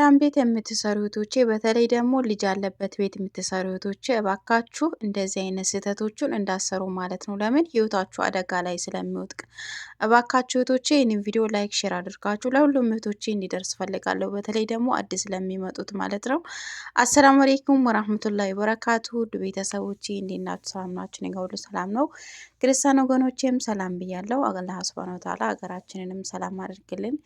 ላም ቤት የምትሰሩ እህቶቼ በተለይ ደግሞ ልጅ ያለበት ቤት የምትሰሩ እህቶቼ እባካችሁ እንደዚህ አይነት ስህተቶቹን እንዳሰሩ ማለት ነው። ለምን ህይወታችሁ አደጋ ላይ ስለሚወጥቅ እባካችሁ እህቶቼ ይህንን ቪዲዮ ላይክ፣ ሼር አድርጋችሁ ለሁሉም እህቶቼ እንዲደርስ ፈልጋለሁ። በተለይ ደግሞ አዲስ ለሚመጡት ማለት ነው። አሰላሙ አሌይኩም ወራህመቱላሂ ወበረካቱ ውድ ቤተሰቦቼ እንዴት ናችሁ? ሰላም ናችሁ? እኔ ጋ ሁሉ ሰላም ነው። ክርስቲያን ወገኖቼም ሰላም ብያለሁ። አላህ ሱብሃነሁ ወተዓላ ሀገራችንንም ሰላም አድርግልን።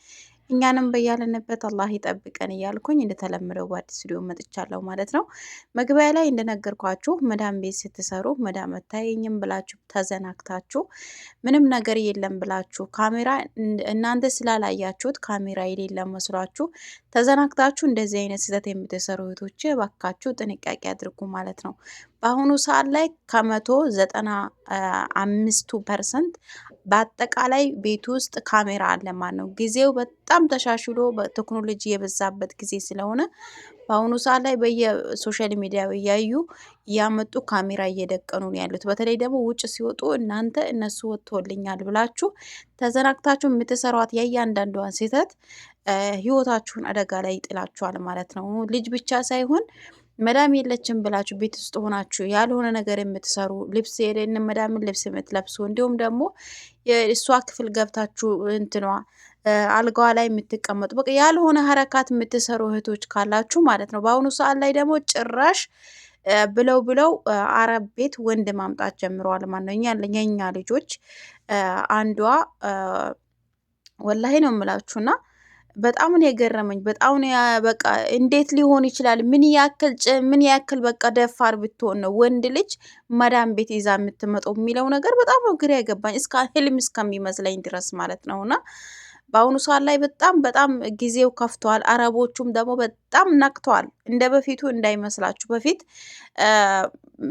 እኛንም በያለንበት አላህ ይጠብቀን እያልኩኝ እንደተለመደው በአዲስ ስቱዲዮ መጥቻለሁ ማለት ነው። መግቢያ ላይ እንደነገርኳችሁ መዳም ቤት ስትሰሩ መዳም መታየኝም ብላችሁ ተዘናግታችሁ ምንም ነገር የለም ብላችሁ ካሜራ እናንተ ስላላያችሁት ካሜራ የሌለ መስሏችሁ ተዘናግታችሁ እንደዚህ አይነት ስህተት የምትሰሩ እህቶች እባካችሁ ጥንቃቄ አድርጉ ማለት ነው። በአሁኑ ሰዓት ላይ ከመቶ ዘጠና አምስቱ ፐርሰንት በአጠቃላይ ቤት ውስጥ ካሜራ አለ ማለት ነው። ጊዜው በጣም ተሻሽሎ በቴክኖሎጂ የበዛበት ጊዜ ስለሆነ በአሁኑ ሰዓት ላይ በየሶሻል ሚዲያ እያዩ እያመጡ ካሜራ እየደቀኑ ነው ያሉት። በተለይ ደግሞ ውጭ ሲወጡ እናንተ እነሱ ወጥቶልኛል ብላችሁ ተዘናግታችሁ የምትሰሯት የእያንዳንዷን ስህተት ህይወታችሁን አደጋ ላይ ይጥላችኋል ማለት ነው። ልጅ ብቻ ሳይሆን መዳም የለችም ብላችሁ ቤት ውስጥ ሆናችሁ ያልሆነ ነገር የምትሰሩ ልብስ የሌን መዳምን ልብስ የምትለብሱ እንዲሁም ደግሞ የእሷ ክፍል ገብታችሁ እንትኗ አልጋዋ ላይ የምትቀመጡ በቃ ያልሆነ ሀረካት የምትሰሩ እህቶች ካላችሁ ማለት ነው። በአሁኑ ሰዓት ላይ ደግሞ ጭራሽ ብለው ብለው አረብ ቤት ወንድ ማምጣት ጀምረዋል ማለት ነው። የኛ ልጆች አንዷ ወላሂ ነው የምላችሁና በጣም ነው የገረመኝ። በጣም ነው በቃ እንዴት ሊሆን ይችላል? ምን ያክል ምን ያክል በቃ ደፋር ብትሆን ነው ወንድ ልጅ መዳም ቤት ይዛ የምትመጣው የሚለው ነገር በጣም ነው ግራ ያገባኝ። እስከ ህልም እስከሚመስለኝ ድረስ ማለት ነውና በአሁኑ ሰዓት ላይ በጣም በጣም ጊዜው ከፍቷል። አረቦቹም ደግሞ በጣም ነቅተዋል። እንደ በፊቱ እንዳይመስላችሁ። በፊት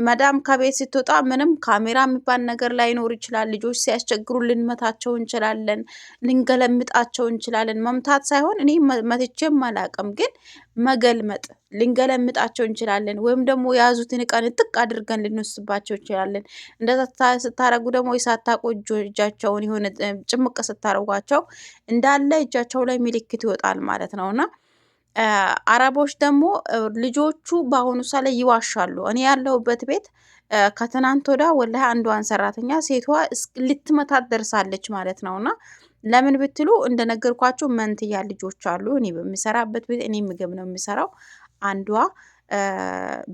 መዳም ከቤት ስትወጣ ምንም ካሜራ የሚባል ነገር ላይኖር ይችላል። ልጆች ሲያስቸግሩ ልንመታቸው እንችላለን፣ ልንገለምጣቸው እንችላለን። መምታት ሳይሆን እኔ መትቼም አላቅም፣ ግን መገልመጥ ልንገለምጣቸው እንችላለን። ወይም ደግሞ የያዙትን እቃን ጥቅ አድርገን ልንወስባቸው እንችላለን። እንደ ስታረጉ ደግሞ የሳታቆ እጃቸውን የሆነ ጭምቅ ስታረጓቸው እንዳለ እጃቸው ላይ ምልክት ይወጣል ማለት ነው እና አረቦች ደግሞ ልጆቹ በአሁኑ ሰዓት ላይ ይዋሻሉ። እኔ ያለሁበት ቤት ከትናንት ወዳ ወላሂ አንዷን ሰራተኛ ሴቷ ልትመታት ደርሳለች ማለት ነው። እና ለምን ብትሉ እንደነገርኳቸው መንትያ ልጆች አሉ። እኔ በሚሰራበት ቤት እኔ ምግብ ነው የሚሰራው። አንዷ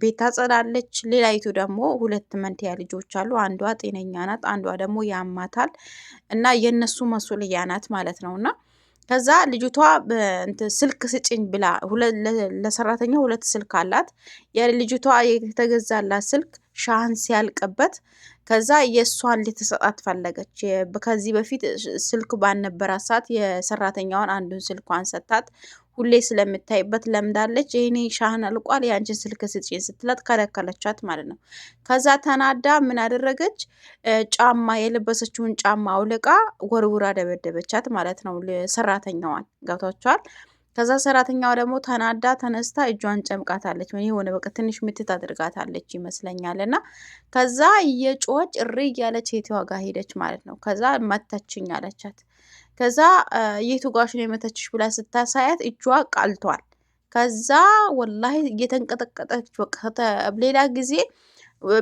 ቤት ታጸዳለች፣ ሌላይቱ ደግሞ ሁለት መንትያ ልጆች አሉ። አንዷ ጤነኛ ናት፣ አንዷ ደግሞ ያማታል እና የእነሱ መሱልያ ናት ማለት ነው እና ከዛ ልጅቷ ስልክ ስጭኝ ብላ ለሰራተኛ ሁለት ስልክ አላት። የልጅቷ የተገዛላት ስልክ ሻንስ ያልቀበት። ከዛ የእሷን ልትሰጣት ፈለገች። ከዚህ በፊት ስልክ ባልነበራት ሰዓት የሰራተኛዋን አንዱን ስልኳን ሰታት ሁሌ ስለምታይበት ለምዳለች። ይህኔ ሻህን አልቋል የአንችን ስልክ ስጪን ስትላት ከለከለቻት ማለት ነው። ከዛ ተናዳ ምን አደረገች? ጫማ የለበሰችውን ጫማ አውልቃ ወርውራ ደበደበቻት ማለት ነው። ሰራተኛዋን ገብቷቸዋል። ከዛ ሰራተኛዋ ደግሞ ተናዳ ተነስታ እጇን ጨምቃታለች። ምን የሆነ በቃ ትንሽ ምትት አድርጋታለች ይመስለኛል። እና ከዛ እየጮኸች እሪ እያለች ሴትዋ ጋር ሄደች ማለት ነው። ከዛ መተችኝ አለቻት። ከዛ የቱ ጋሽ ነው የመተችሽ ብላ ስታሳያት እጇ ቃልቷል። ከዛ ወላሂ እየተንቀጠቀጠች በቃ ሌላ ጊዜ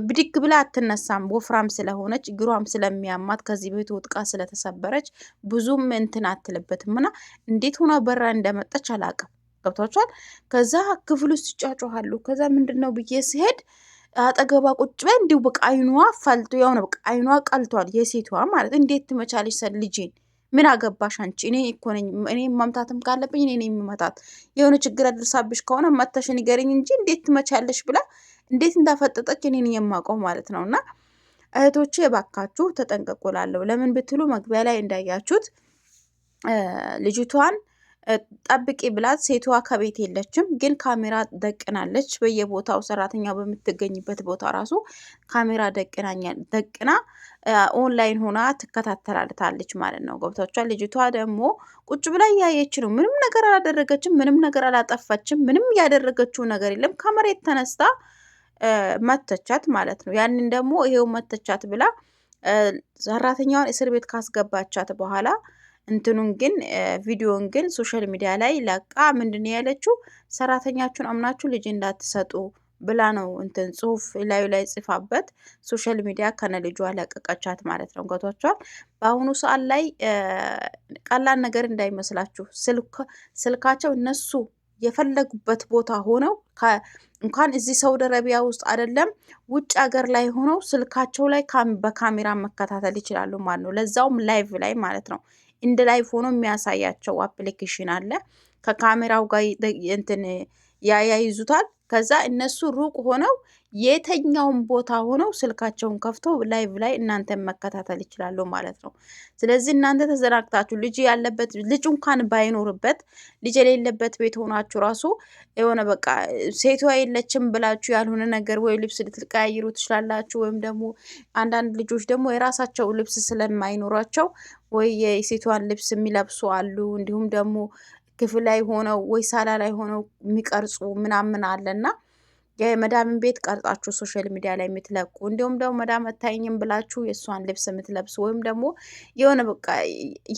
ብድግ ብላ አትነሳም። ወፍራም ስለሆነች እግሯም ስለሚያማት ከዚህ ቤት ውጥቃ ስለተሰበረች ብዙም እንትን አትልበትም እና እንዴት ሆና በራ እንደመጣች አላቅም። ገብቷችኋል? ከዛ ክፍል ውስጥ ይጫጫሃሉ። ከዛ ምንድን ነው ብዬ ስሄድ አጠገቧ ቁጭ በይ እንዲሁ በቃ አይኗ ፈልጦ ያው ነው በቃ አይኗ ቀልቷል። የሴቷ ማለት እንዴት ትመቻለች ልጄን ምን አገባሽ አንቺ? እኔ እኮ ነኝ። እኔ መምታትም ካለብኝ እኔ ነኝ የምመታት። የሆነ ችግር አድርሳብሽ ከሆነ መተሽ ንገሪኝ እንጂ እንዴት ትመቻለሽ ብላ እንዴት እንዳፈጠጠች እኔን የማውቀው ማለት ነው። እና እህቶቼ እባካችሁ ተጠንቀቁላለሁ። ለምን ብትሉ መግቢያ ላይ እንዳያችሁት ልጅቷን ጠብቂ ብላት ሴቷ ከቤት የለችም፣ ግን ካሜራ ደቅናለች። በየቦታው ሰራተኛ በምትገኝበት ቦታ ራሱ ካሜራ ደቅና ኦንላይን ሆና ትከታተላልታለች ማለት ነው። ገብቷችኋል? ልጅቷ ደግሞ ቁጭ ብላ እያየች ነው። ምንም ነገር አላደረገችም፣ ምንም ነገር አላጠፋችም፣ ምንም ያደረገችው ነገር የለም። ከመሬት ተነስታ መተቻት ማለት ነው። ያንን ደግሞ ይሄው መተቻት ብላ ሰራተኛዋን እስር ቤት ካስገባቻት በኋላ እንትኑን ግን ቪዲዮን ግን ሶሻል ሚዲያ ላይ ለቃ ምንድን ያለችው? ሰራተኛችሁን አምናችሁ ልጅ እንዳትሰጡ ብላ ነው እንትን ጽሁፍ ላዩ ላይ ጽፋበት ሶሻል ሚዲያ ከነ ልጇ ለቀቀቻት ማለት ነው። ገቷቸዋል። በአሁኑ ሰዓት ላይ ቀላል ነገር እንዳይመስላችሁ ስልካቸው እነሱ የፈለጉበት ቦታ ሆነው እንኳን እዚህ ሳውዲ አረቢያ ውስጥ አይደለም ውጭ ሀገር ላይ ሆነው ስልካቸው ላይ በካሜራ መከታተል ይችላሉ ማለት ነው። ለዛውም ላይቭ ላይ ማለት ነው። እንደ ላይቭ ሆኖ የሚያሳያቸው አፕሊኬሽን አለ። ከካሜራው ጋር እንትን ያያይዙታል። ከዛ እነሱ ሩቅ ሆነው የተኛውን ቦታ ሆነው ስልካቸውን ከፍተው ላይቭ ላይ እናንተን መከታተል ይችላሉ ማለት ነው። ስለዚህ እናንተ ተዘናግታችሁ ልጅ ያለበት ልጅ እንኳን ባይኖርበት ልጅ የሌለበት ቤት ሆናችሁ ራሱ የሆነ በቃ ሴቷ የለችም ብላችሁ ያልሆነ ነገር ወይ ልብስ ልትቀያይሩ ትችላላችሁ። ወይም ደግሞ አንዳንድ ልጆች ደግሞ የራሳቸው ልብስ ስለማይኖራቸው ወይ የሴቷን ልብስ የሚለብሱ አሉ። እንዲሁም ደግሞ ክፍል ላይ ሆነው ወይ ሳላ ላይ ሆነው የሚቀርጹ ምናምን አለና የመዳምን ቤት ቀርጻችሁ ሶሻል ሚዲያ ላይ የምትለቁ እንዲሁም ደግሞ መዳም አታይኝም ብላችሁ የእሷን ልብስ የምትለብሱ ወይም ደግሞ የሆነ በቃ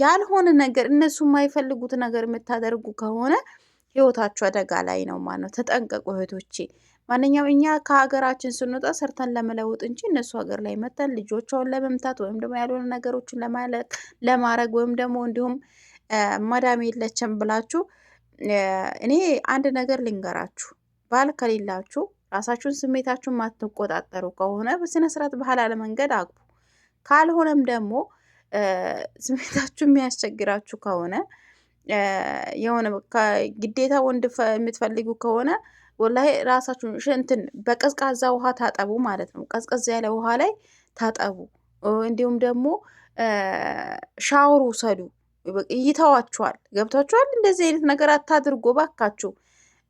ያልሆነ ነገር እነሱ የማይፈልጉት ነገር የምታደርጉ ከሆነ ህይወታችሁ አደጋ ላይ ነው ማለት ነው። ተጠንቀቁ እህቶቼ። ማንኛውም እኛ ከሀገራችን ስንወጣ ሰርተን ለመለወጥ እንጂ እነሱ ሀገር ላይ መተን ልጆቿን ለመምታት ወይም ደግሞ ያልሆነ ነገሮችን ለማድረግ ወይም ደግሞ እንዲሁም ማዳም የለችም ብላችሁ እኔ አንድ ነገር ልንገራችሁ። ባል ከሌላችሁ ራሳችሁን ስሜታችሁን ማትቆጣጠሩ ከሆነ በስነ ስርዓት ባህል አለመንገድ አግቡ። ካልሆነም ደግሞ ስሜታችሁ የሚያስቸግራችሁ ከሆነ የሆነ ግዴታ ወንድ የምትፈልጉ ከሆነ ወላሂ ራሳችሁን እንትን በቀዝቃዛ ውሃ ታጠቡ ማለት ነው። ቀዝቀዝ ያለ ውሃ ላይ ታጠቡ። እንዲሁም ደግሞ ሻወር ውሰዱ። ይተዋችኋል። ገብቷችኋል? እንደዚህ አይነት ነገር አታድርጎ ባካችሁ።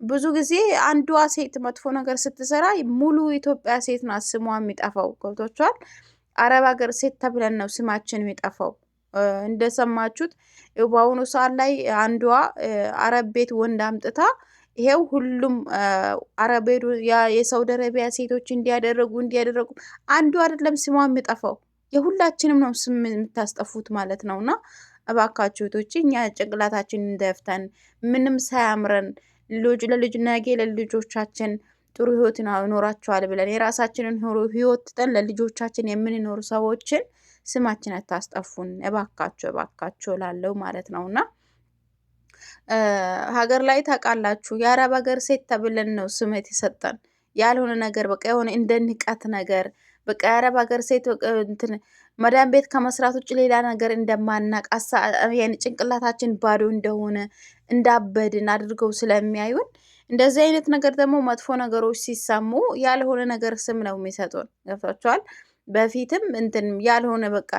ብዙ ጊዜ አንዷ ሴት መጥፎ ነገር ስትሰራ ሙሉ ኢትዮጵያ ሴት ናት ስሟ የሚጠፋው። ገብቷችኋል? አረብ ሀገር ሴት ተብለን ነው ስማችን የሚጠፋው። እንደሰማችሁት በአሁኑ ሰዓት ላይ አንዷ አረብ ቤት ወንድ አምጥታ ይሄው ሁሉም አረብ ሄዱ የሳውዲ አረቢያ ሴቶች እንዲያደረጉ እንዲያደረጉ አንዱ አይደለም ስሟ የሚጠፋው፣ የሁላችንም ነው ስም የምታስጠፉት ማለት ነው እና እባካችሁ እህቶች እኛ ጭንቅላታችንን ደፍተን ምንም ሳያምረን ልጅ ለልጅ ነገ ለልጆቻችን ጥሩ ህይወትን ይኖራቸዋል ብለን የራሳችንን ህይወት ትተን ለልጆቻችን የምንኖሩ ሰዎችን ስማችን አታስጠፉን፣ እባካችሁ እባካችሁ ላለው ማለት ነው እና ሀገር ላይ ታውቃላችሁ፣ የአረብ ሀገር ሴት ተብለን ነው ስም የተሰጠን። ያልሆነ ነገር በቃ የሆነ እንደ ንቀት ነገር በቃ የአረብ ሀገር ሴት እንትን መዳን ቤት ከመስራት ውጭ ሌላ ነገር እንደማናቅ ጭንቅላታችን ባዶ እንደሆነ እንዳበድን አድርገው ስለሚያዩን እንደዚህ አይነት ነገር ደግሞ መጥፎ ነገሮች ሲሰሙ ያልሆነ ነገር ስም ነው የሚሰጡን። ገብቷቸዋል። በፊትም እንትን ያልሆነ በቃ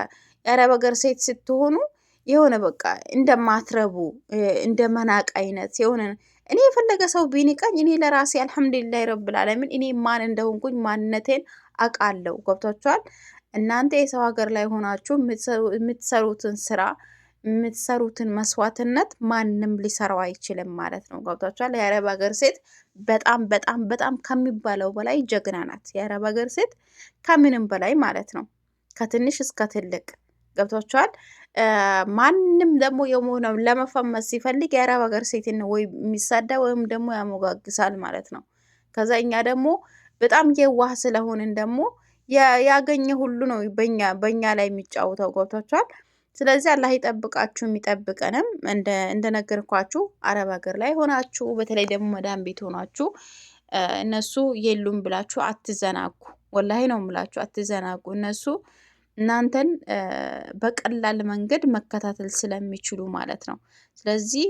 የአረብ ሀገር ሴት ስትሆኑ የሆነ በቃ እንደማትረቡ እንደመናቅ አይነት የሆነ እኔ የፈለገ ሰው ቢንቀኝ እኔ ለራሴ አልሐምዱሊላህ ረብል እኔ ማን እንደሆንኩኝ ማንነቴን አቃለው። ገብቷችኋል? እናንተ የሰው ሀገር ላይ ሆናችሁ የምትሰሩትን ስራ የምትሰሩትን መስዋዕትነት ማንም ሊሰራው አይችልም ማለት ነው። ገብቷችኋል? የአረብ ሀገር ሴት በጣም በጣም በጣም ከሚባለው በላይ ጀግና ናት። የአረብ ሀገር ሴት ከምንም በላይ ማለት ነው። ከትንሽ እስከ ትልቅ ገብቷችኋል? ማንም ደግሞ የመሆነው ለመፈመስ ሲፈልግ የአረብ ሀገር ሴትን ወይ የሚሳዳ ወይም ደግሞ ያሞጋግሳል ማለት ነው። ከዛ እኛ ደግሞ በጣም የዋህ ስለሆንን ደግሞ ያገኘ ሁሉ ነው በኛ በእኛ ላይ የሚጫወተው ገብቷቸዋል። ስለዚህ አላህ ይጠብቃችሁ የሚጠብቀንም እንደነገርኳችሁ አረብ ሀገር ላይ ሆናችሁ በተለይ ደግሞ መዳን ቤት ሆናችሁ እነሱ የሉም ብላችሁ አትዘናጉ። ወላሂ ነው የምላችሁ አትዘናጉ እነሱ እናንተን በቀላል መንገድ መከታተል ስለሚችሉ ማለት ነው። ስለዚህ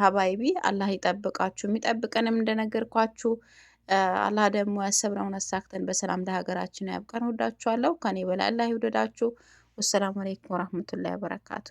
ሀባይቢ አላህ ይጠብቃችሁ። የሚጠብቀንም እንደነገርኳችሁ አላህ ደግሞ ያሰብነውን አሳክተን በሰላም ለሀገራችን ያብቃን። ወዳችኋለሁ። ከኔ በላይ አላህ ይውደዳችሁ። ወሰላሙ አሌይኩም ወረህመቱላሂ ወበረካቱ።